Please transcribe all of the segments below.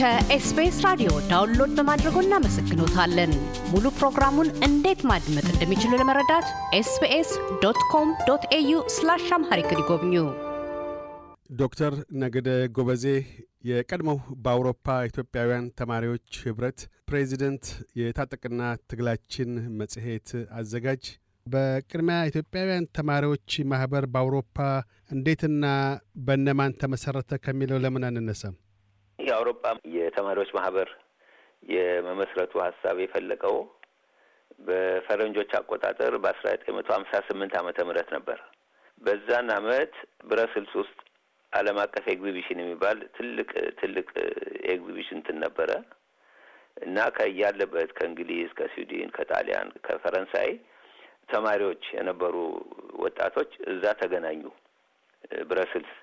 ከኤስቢኤስ ራዲዮ ዳውንሎድ በማድረጎ እናመሰግኖታለን። ሙሉ ፕሮግራሙን እንዴት ማድመጥ እንደሚችሉ ለመረዳት ኤስቢኤስ ዶት ኮም ዶት ኤዩ ስላሽ አምሃሪክ ይጎብኙ። ዶክተር ነገደ ጎበዜ የቀድሞው በአውሮፓ ኢትዮጵያውያን ተማሪዎች ህብረት ፕሬዚደንት፣ የታጠቅና ትግላችን መጽሔት አዘጋጅ። በቅድሚያ ኢትዮጵያውያን ተማሪዎች ማህበር በአውሮፓ እንዴትና በነማን ተመሰረተ ከሚለው ለምን አንነሳም? በአውሮፓ የተማሪዎች ማህበር የመመስረቱ ሀሳብ የፈለቀው በፈረንጆች አቆጣጠር በአስራ ዘጠኝ መቶ ሀምሳ ስምንት ዓመተ ምህረት ነበር። በዛን አመት ብረስልስ ውስጥ ዓለም አቀፍ ኤግዚቢሽን የሚባል ትልቅ ትልቅ ኤግዚቢሽን እንትን ነበረ እና ከያለበት ከእንግሊዝ፣ ከስዊድን፣ ከጣሊያን፣ ከፈረንሳይ ተማሪዎች የነበሩ ወጣቶች እዛ ተገናኙ ብረስልስ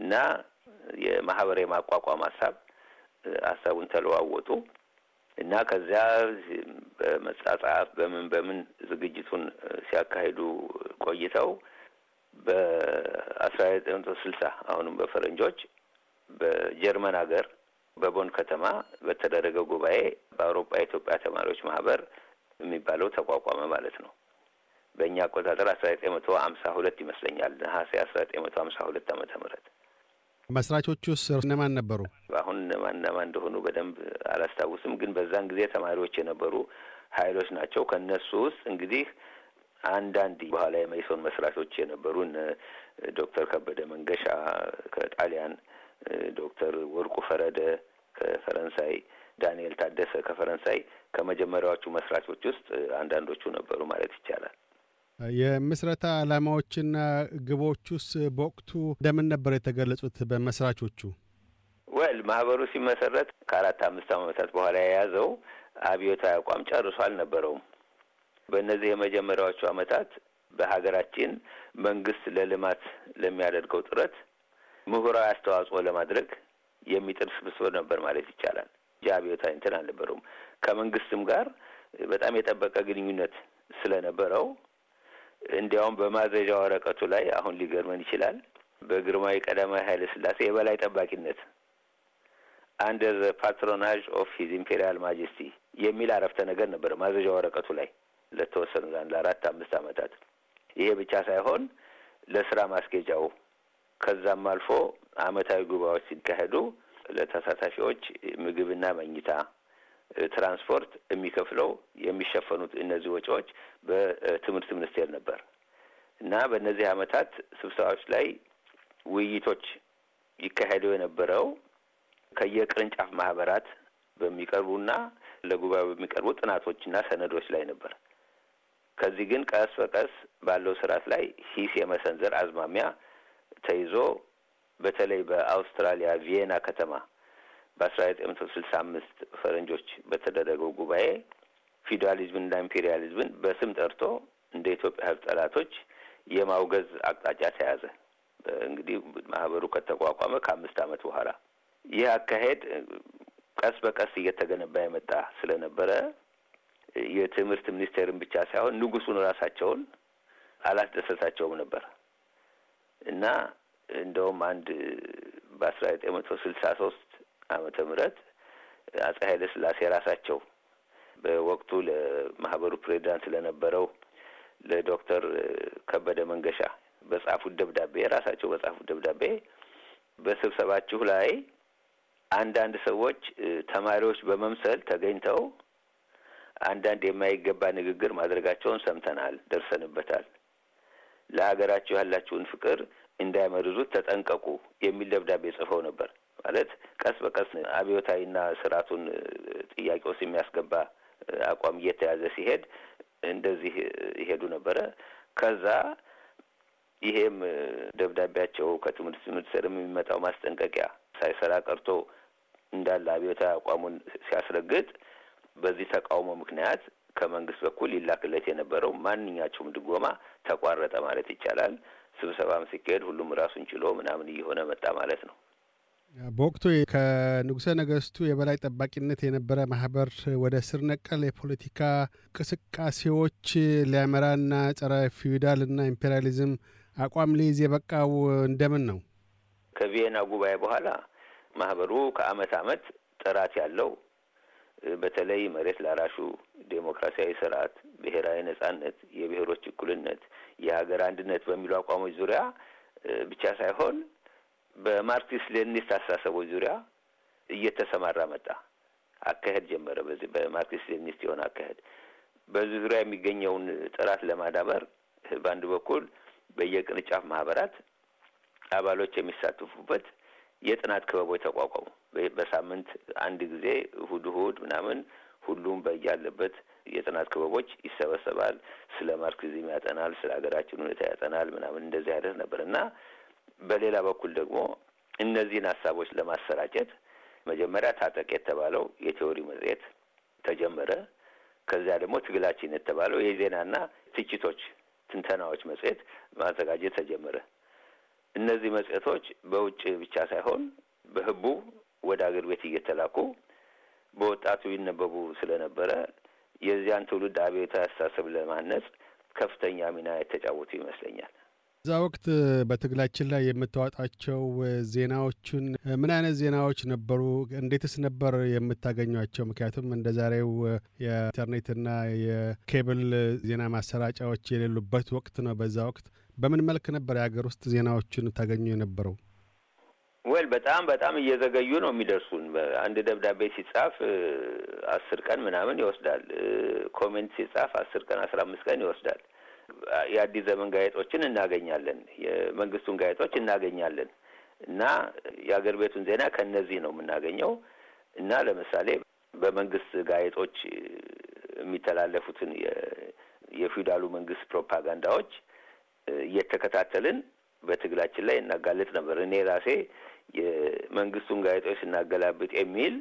እና የማህበር የማቋቋም ሀሳብ ሀሳቡን ተለዋወጡ እና ከዚያ በመጻጻፍ በምን በምን ዝግጅቱን ሲያካሂዱ ቆይተው በአስራ ዘጠኝ መቶ ስልሳ አሁንም በፈረንጆች በጀርመን ሀገር በቦን ከተማ በተደረገ ጉባኤ በአውሮፓ የኢትዮጵያ ተማሪዎች ማህበር የሚባለው ተቋቋመ ማለት ነው። በእኛ አቆጣጠር አስራ ዘጠኝ መቶ ሀምሳ ሁለት ይመስለኛል ነሐሴ አስራ ዘጠኝ መቶ ሀምሳ ሁለት ዓመተ ምህረት መስራቾቹ ውስጥ እነማን ነበሩ? አሁን እነማን እነማን እንደሆኑ በደንብ አላስታውስም፣ ግን በዛን ጊዜ ተማሪዎች የነበሩ ሀይሎች ናቸው። ከእነሱ ውስጥ እንግዲህ አንዳንድ በኋላ የመይሶን መስራቾች የነበሩ ዶክተር ከበደ መንገሻ ከጣሊያን፣ ዶክተር ወርቁ ፈረደ ከፈረንሳይ፣ ዳንኤል ታደሰ ከፈረንሳይ ከመጀመሪያዎቹ መስራቾች ውስጥ አንዳንዶቹ ነበሩ ማለት ይቻላል። የምስረታ ዓላማዎችና ግቦቹስ በወቅቱ እንደምን ነበር የተገለጹት በመስራቾቹ? ወል ማህበሩ ሲመሰረት ከአራት አምስት ዓመታት በኋላ የያዘው አብዮታዊ አቋም ጨርሶ አልነበረውም። በእነዚህ የመጀመሪያዎቹ ዓመታት በሀገራችን መንግስት ለልማት ለሚያደርገው ጥረት ምሁራዊ አስተዋጽኦ ለማድረግ የሚጥር ስብስብ ነበር ማለት ይቻላል። ጃቢዮታ እንትን አልነበረውም። ከመንግስትም ጋር በጣም የጠበቀ ግንኙነት ስለነበረው እንዲያውም በማድረጃ ወረቀቱ ላይ አሁን ሊገርመን ይችላል በግርማዊ ቀዳማዊ ኃይለ ስላሴ የበላይ ጠባቂነት አንደር ፓትሮናጅ ኦፍ ሂዝ ኢምፔሪያል ማጀስቲ የሚል አረፍተ ነገር ነበር ማዘዣ ወረቀቱ ላይ ለተወሰኑ ዛን ለአራት አምስት ዓመታት። ይሄ ብቻ ሳይሆን ለስራ ማስጌጫው ከዛም አልፎ አመታዊ ጉባኤዎች ሲካሄዱ ለተሳታፊዎች ምግብና መኝታ ትራንስፖርት የሚከፍለው የሚሸፈኑት እነዚህ ወጪዎች በትምህርት ሚኒስቴር ነበር እና በእነዚህ ዓመታት ስብሰባዎች ላይ ውይይቶች ይካሄዱ የነበረው ከየቅርንጫፍ ማህበራት በሚቀርቡና ለጉባኤው በሚቀርቡ ጥናቶችና ሰነዶች ላይ ነበር። ከዚህ ግን ቀስ በቀስ ባለው ስርዓት ላይ ሂስ የመሰንዘር አዝማሚያ ተይዞ በተለይ በአውስትራሊያ ቪየና ከተማ በአስራ ዘጠኝ መቶ ስልሳ አምስት ፈረንጆች በተደረገው ጉባኤ ፊውዳሊዝምና ኢምፔሪያሊዝምን በስም ጠርቶ እንደ ኢትዮጵያ ሕዝብ ጠላቶች የማውገዝ አቅጣጫ ተያዘ። እንግዲህ ማህበሩ ከተቋቋመ ከአምስት ዓመት በኋላ ይህ አካሄድ ቀስ በቀስ እየተገነባ የመጣ ስለነበረ የትምህርት ሚኒስቴርን ብቻ ሳይሆን ንጉሱን ራሳቸውን አላስደሰታቸውም ነበር እና እንደውም አንድ በአስራ ዘጠኝ መቶ ስልሳ ሶስት ዓመተ ምህረት አጼ ኃይለ ስላሴ ራሳቸው በወቅቱ ለማህበሩ ፕሬዚዳንት ስለነበረው ለዶክተር ከበደ መንገሻ በጻፉት ደብዳቤ ራሳቸው በጻፉት ደብዳቤ በስብሰባችሁ ላይ አንዳንድ ሰዎች ተማሪዎች በመምሰል ተገኝተው አንዳንድ የማይገባ ንግግር ማድረጋቸውን ሰምተናል፣ ደርሰንበታል። ለሀገራችሁ ያላችሁን ፍቅር እንዳይመርዙት ተጠንቀቁ የሚል ደብዳቤ ጽፈው ነበር። ማለት ቀስ በቀስ አብዮታዊና ስርዓቱን ጥያቄ ውስጥ የሚያስገባ አቋም እየተያዘ ሲሄድ እንደዚህ ይሄዱ ነበረ። ከዛ ይሄም ደብዳቤያቸው ከትምህርት ስር የሚመጣው ማስጠንቀቂያ ሳይሰራ ቀርቶ እንዳለ አብዮታዊ አቋሙን ሲያስረግጥ በዚህ ተቃውሞ ምክንያት ከመንግስት በኩል ይላክለት የነበረው ማንኛቸውም ድጎማ ተቋረጠ ማለት ይቻላል። ስብሰባም ሲካሄድ ሁሉም ራሱን ችሎ ምናምን እየሆነ መጣ ማለት ነው። በወቅቱ ከንጉሠ ነገሥቱ የበላይ ጠባቂነት የነበረ ማህበር ወደ ስር ነቀል የፖለቲካ እንቅስቃሴዎች ሊያመራና ጸረ ፊውዳልና ኢምፔሪያሊዝም አቋም ሊይዝ የበቃው እንደምን ነው? ከቪየና ጉባኤ በኋላ ማህበሩ ከአመት አመት ጥራት ያለው በተለይ መሬት ላራሹ ዴሞክራሲያዊ ስርዓት፣ ብሔራዊ ነጻነት፣ የብሔሮች እኩልነት፣ የሀገር አንድነት በሚሉ አቋሞች ዙሪያ ብቻ ሳይሆን በማርቲስ ሌኒኒስት አስተሳሰቦች ዙሪያ እየተሰማራ መጣ። አካሄድ ጀመረ። በዚህ በማርቲስ ሌኒኒስት የሆነ አካሄድ በዚህ ዙሪያ የሚገኘውን ጥራት ለማዳበር በአንድ በኩል በየቅርንጫፍ ማህበራት አባሎች የሚሳተፉበት የጥናት ክበቦች ተቋቋሙ። በሳምንት አንድ ጊዜ እሁድ እሁድ ምናምን ሁሉም በያለበት የጥናት ክበቦች ይሰበሰባል። ስለ ማርክሲዝም ያጠናል፣ ስለ ሀገራችን ሁኔታ ያጠናል ምናምን እንደዚህ ያደርግ ነበር እና በሌላ በኩል ደግሞ እነዚህን ሀሳቦች ለማሰራጨት መጀመሪያ ታጠቅ የተባለው የቴዎሪ መጽሔት ተጀመረ። ከዚያ ደግሞ ትግላችን የተባለው የዜናና ትችቶች፣ ትንተናዎች መጽሔት ማዘጋጀት ተጀመረ። እነዚህ መጽሔቶች በውጭ ብቻ ሳይሆን በህቡ ወደ አገር ቤት እየተላኩ በወጣቱ ይነበቡ ስለነበረ የዚያን ትውልድ አብዮታዊ አስተሳሰብ ለማነጽ ከፍተኛ ሚና የተጫወቱ ይመስለኛል። እዛ ወቅት በትግላችን ላይ የምታወጣቸው ዜናዎቹን ምን አይነት ዜናዎች ነበሩ? እንዴትስ ነበር የምታገኟቸው? ምክንያቱም እንደ ዛሬው የኢንተርኔትና የኬብል ዜና ማሰራጫዎች የሌሉበት ወቅት ነው። በዛ ወቅት በምን መልክ ነበር የሀገር ውስጥ ዜናዎችን ታገኙ የነበረው? ወል በጣም በጣም እየዘገዩ ነው የሚደርሱን። አንድ ደብዳቤ ሲጻፍ አስር ቀን ምናምን ይወስዳል። ኮሜንት ሲጻፍ አስር ቀን አስራ አምስት ቀን ይወስዳል። የአዲስ ዘመን ጋዜጦችን እናገኛለን፣ የመንግስቱን ጋዜጦች እናገኛለን እና የአገር ቤቱን ዜና ከነዚህ ነው የምናገኘው እና ለምሳሌ በመንግስት ጋዜጦች የሚተላለፉትን የፊውዳሉ መንግስት ፕሮፓጋንዳዎች እየተከታተልን በትግላችን ላይ እናጋለጥ ነበር። እኔ ራሴ የመንግስቱን ጋዜጦች ስናገላብጥ የሚል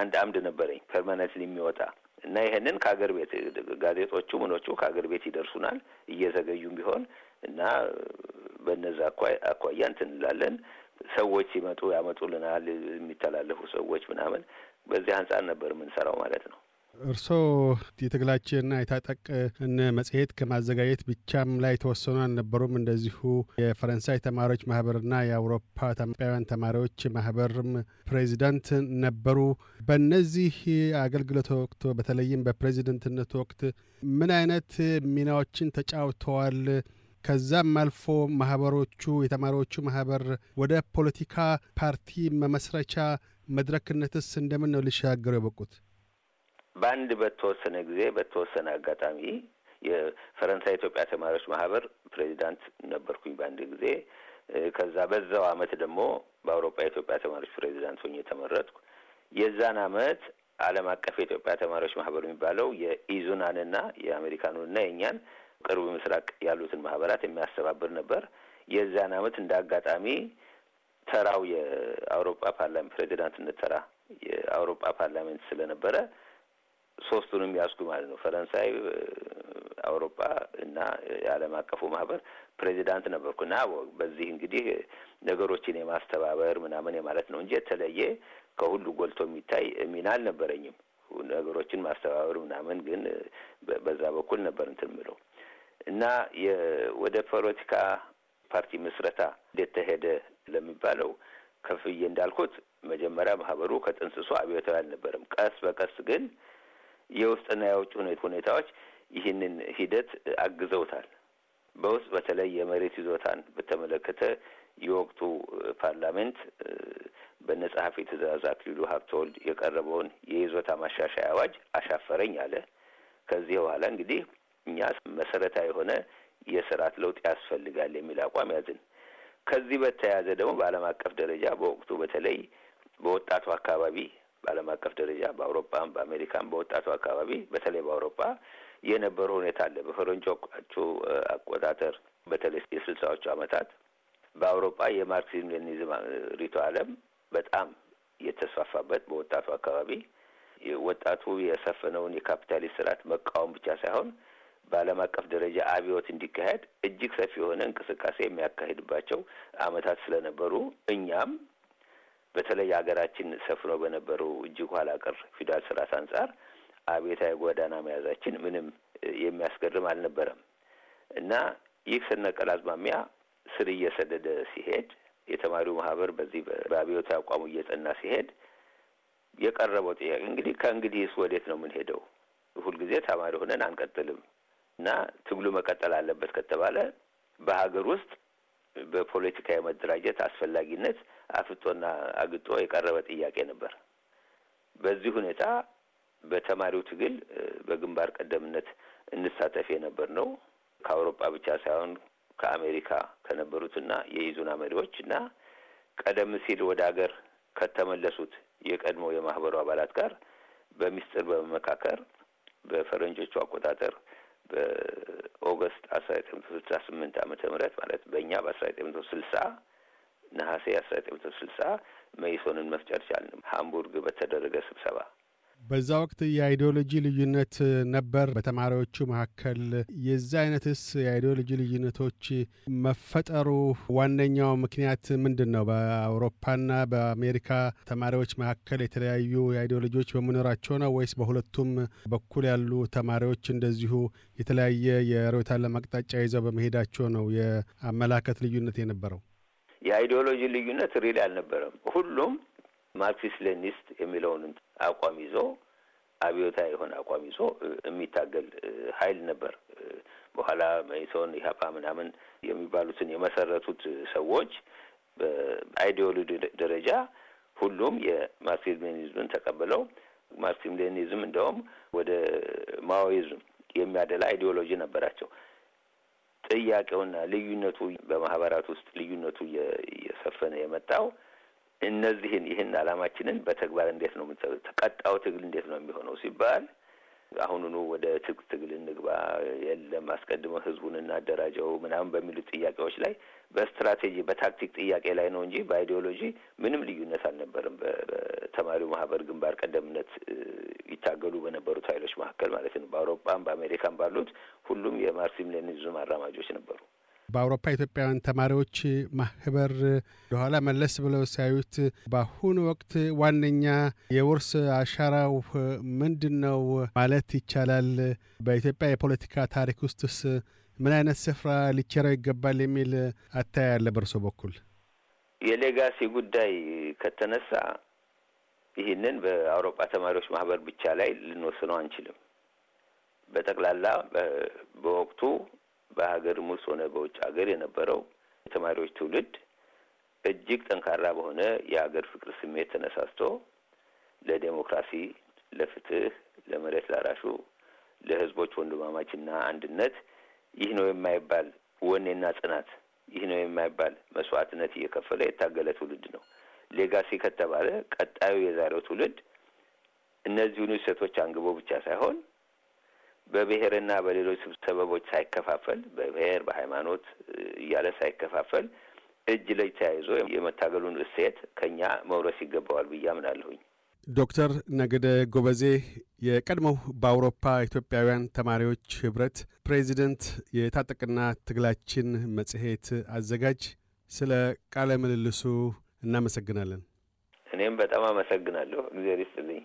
አንድ አምድ ነበረኝ ፐርማነንትሊ የሚወጣ እና ይሄንን ከሀገር ቤት ጋዜጦቹ ምኖቹ ከአገር ቤት ይደርሱናል እየዘገዩም ቢሆን እና በነዛ አኳያ እንትን እንላለን። ሰዎች ሲመጡ ያመጡልናል የሚተላለፉ ሰዎች ምናምን። በዚህ አንጻር ነበር የምንሰራው ማለት ነው። እርስዎ የተግላጭና የታጠቅን መጽሔት ከማዘጋጀት ብቻም ላይ ተወሰኑ አልነበሩም። እንደዚሁ የፈረንሳይ ተማሪዎች ማህበርና የአውሮፓ ኢትዮጵያውያን ተማሪዎች ማህበርም ፕሬዚዳንት ነበሩ። በእነዚህ አገልግሎት ወቅት በተለይም በፕሬዚደንትነት ወቅት ምን አይነት ሚናዎችን ተጫውተዋል? ከዛም አልፎ ማህበሮቹ የተማሪዎቹ ማህበር ወደ ፖለቲካ ፓርቲ መመስረቻ መድረክነትስ እንደምን ነው ሊሻገሩ የበቁት? በአንድ በተወሰነ ጊዜ በተወሰነ አጋጣሚ የፈረንሳይ ኢትዮጵያ ተማሪዎች ማህበር ፕሬዚዳንት ነበርኩኝ በአንድ ጊዜ። ከዛ በዛው አመት ደግሞ በአውሮፓ የኢትዮጵያ ተማሪዎች ፕሬዚዳንት ሆኜ የተመረጥኩ። የዛን አመት ዓለም አቀፍ የኢትዮጵያ ተማሪዎች ማህበር የሚባለው የኢዙናንና የአሜሪካኑንና የእኛን ቅርቡ ምስራቅ ያሉትን ማህበራት የሚያስተባብር ነበር። የዛን አመት እንደ አጋጣሚ ተራው የአውሮፓ ፓርላሜንት ፕሬዚዳንትነት ተራ የአውሮፓ ፓርላሜንት ስለነበረ ሶስቱንም ያዝኩ ማለት ነው። ፈረንሳይ፣ አውሮፓ እና የዓለም አቀፉ ማህበር ፕሬዚዳንት ነበርኩ እና በዚህ እንግዲህ ነገሮችን የማስተባበር ምናምን የማለት ነው እንጂ የተለየ ከሁሉ ጎልቶ የሚታይ ሚና አልነበረኝም። ነገሮችን ማስተባበር ምናምን ግን በዛ በኩል ነበር እንትን ምለው እና ወደ ፖለቲካ ፓርቲ ምስረታ እንዴት ተሄደ ለሚባለው ከፍዬ እንዳልኩት መጀመሪያ ማህበሩ ከጥንስሶ አብዮታዊ አልነበረም። ቀስ በቀስ ግን የውስጥና የውጭ ሁኔታዎች ይህንን ሂደት አግዘውታል። በውስጥ በተለይ የመሬት ይዞታን በተመለከተ የወቅቱ ፓርላሜንት በነ ጸሐፊ ትእዛዝ አክሊሉ ሀብተወልድ የቀረበውን የይዞታ ማሻሻያ አዋጅ አሻፈረኝ አለ። ከዚህ በኋላ እንግዲህ እኛ መሰረታዊ የሆነ የስርዓት ለውጥ ያስፈልጋል የሚል አቋም ያዝን። ከዚህ በተያያዘ ደግሞ በዓለም አቀፍ ደረጃ በወቅቱ በተለይ በወጣቱ አካባቢ በዓለም አቀፍ ደረጃ በአውሮፓም በአሜሪካም በወጣቱ አካባቢ በተለይ በአውሮፓ የነበረው ሁኔታ አለ። በፈረንጆቹ አቆጣጠር በተለይ የስልሳዎቹ ዓመታት በአውሮፓ የማርክሲዝም ሌኒኒዝም ሪቶ ዓለም በጣም የተስፋፋበት በወጣቱ አካባቢ ወጣቱ የሰፈነውን የካፒታሊስት ስርዓት መቃወም ብቻ ሳይሆን በዓለም አቀፍ ደረጃ አብዮት እንዲካሄድ እጅግ ሰፊ የሆነ እንቅስቃሴ የሚያካሂድባቸው ዓመታት ስለነበሩ እኛም በተለይ ሀገራችን ሰፍኖ በነበረው እጅግ ኋላ ቀር ፊውዳል ስርዓት አንጻር አቤታዊ ጎዳና መያዛችን ምንም የሚያስገርም አልነበረም እና ይህ ስነቀል አዝማሚያ ስር እየሰደደ ሲሄድ የተማሪው ማህበር በዚህ በአብዮት አቋሙ እየጸና ሲሄድ የቀረበው ጥያቄ እንግዲህ ከእንግዲህስ ወዴት ነው የምንሄደው? ሁልጊዜ ተማሪ ሆነን አንቀጥልም እና ትግሉ መቀጠል አለበት ከተባለ በሀገር ውስጥ በፖለቲካ የመደራጀት አስፈላጊነት አፍጦና አግጦ የቀረበ ጥያቄ ነበር። በዚህ ሁኔታ በተማሪው ትግል በግንባር ቀደምነት እንሳተፍ የነበር ነው። ከአውሮፓ ብቻ ሳይሆን ከአሜሪካ ከነበሩትና የይዙና መሪዎች እና ቀደም ሲል ወደ ሀገር ከተመለሱት የቀድሞ የማህበሩ አባላት ጋር በሚስጥር በመመካከር በፈረንጆቹ አቆጣጠር በኦገስት አስራ ዘጠኝ መቶ ስልሳ ስምንት ዓመተ ምህረት ማለት በእኛ በአስራ ዘጠኝ መቶ ስልሳ ነሐሴ አስራ ዘጠኝ መቶ ስልሳ መይሶንን መፍጨር ቻልንም ሃምቡርግ በተደረገ ስብሰባ። በዛ ወቅት የአይዲዮሎጂ ልዩነት ነበር በተማሪዎቹ መካከል። የዚህ አይነትስ የአይዲዮሎጂ ልዩነቶች መፈጠሩ ዋነኛው ምክንያት ምንድን ነው? በአውሮፓና በአሜሪካ ተማሪዎች መካከል የተለያዩ የአይዲዮሎጂዎች በመኖራቸው ነው ወይስ በሁለቱም በኩል ያሉ ተማሪዎች እንደዚሁ የተለያየ የርዕዮተ ለማቅጣጫ አቅጣጫ ይዘው በመሄዳቸው ነው የአመላከት ልዩነት የነበረው? የአይዲዮሎጂ ልዩነት ሪል አልነበረም። ሁሉም ማርክሲስት ሌኒስት የሚለውን አቋም ይዞ አብዮታ የሆነ አቋም ይዞ የሚታገል ሀይል ነበር። በኋላ መኢሶን፣ ኢህአፓ ምናምን የሚባሉትን የመሰረቱት ሰዎች በአይዲዮሎጂ ደረጃ ሁሉም የማርክሲዝም ሌኒዝምን ተቀብለው ማርክሲዝም ሌኒዝም እንደውም ወደ ማኦይዝም የሚያደላ አይዲዮሎጂ ነበራቸው። ጥያቄውና ልዩነቱ በማህበራት ውስጥ ልዩነቱ እየሰፈነ የመጣው እነዚህን ይህን አላማችንን በተግባር እንዴት ነው ተቀጣው ትግል እንዴት ነው የሚሆነው ሲባል አሁኑኑ ወደ ትጥቅ ትግል እንግባ፣ የለም አስቀድመ ህዝቡን እናደራጀው ምናምን በሚሉት ጥያቄዎች ላይ በስትራቴጂ በታክቲክ ጥያቄ ላይ ነው እንጂ በአይዲዮሎጂ ምንም ልዩነት አልነበረም። በተማሪው ማህበር ግንባር ቀደምነት ይታገሉ በነበሩት ኃይሎች መካከል ማለት ነው። በአውሮፓም በአሜሪካም ባሉት ሁሉም የማርክሲዝም ሌኒኒዝም አራማጆች ነበሩ። በአውሮፓ ኢትዮጵያውያን ተማሪዎች ማህበር ወደኋላ መለስ ብለው ሲያዩት በአሁኑ ወቅት ዋነኛ የውርስ አሻራው ምንድን ነው ማለት ይቻላል? በኢትዮጵያ የፖለቲካ ታሪክ ውስጥስ ምን አይነት ስፍራ ሊቸረው ይገባል የሚል አታያ ያለ በእርሶ በኩል? የሌጋሲ ጉዳይ ከተነሳ ይህንን በአውሮፓ ተማሪዎች ማህበር ብቻ ላይ ልንወስነው አንችልም። በጠቅላላ በወቅቱ በሀገርም ውስጥ ሆነ በውጭ ሀገር የነበረው የተማሪዎች ትውልድ እጅግ ጠንካራ በሆነ የሀገር ፍቅር ስሜት ተነሳስቶ ለዴሞክራሲ፣ ለፍትህ፣ ለመሬት ላራሹ፣ ለህዝቦች ወንድማማችና አንድነት ይህ ነው የማይባል ወኔና ጽናት፣ ይህ ነው የማይባል መስዋዕትነት እየከፈለ የታገለ ትውልድ ነው። ሌጋሲ ከተባለ ቀጣዩ የዛሬው ትውልድ እነዚሁን እሴቶች አንግቦ ብቻ ሳይሆን በብሔርና በሌሎች ስብሰበቦች ሳይከፋፈል በብሔር በሃይማኖት እያለ ሳይከፋፈል እጅ ለእጅ ተያይዞ የመታገሉን እሴት ከኛ መውረስ ይገባዋል ብዬ አምናለሁኝ። ዶክተር ነገደ ጎበዜ የቀድሞው በአውሮፓ ኢትዮጵያውያን ተማሪዎች ህብረት ፕሬዚደንት፣ የታጠቅና ትግላችን መጽሔት አዘጋጅ፣ ስለ ቃለ ምልልሱ እናመሰግናለን። እኔም በጣም አመሰግናለሁ። እግዜር ይስጥልኝ።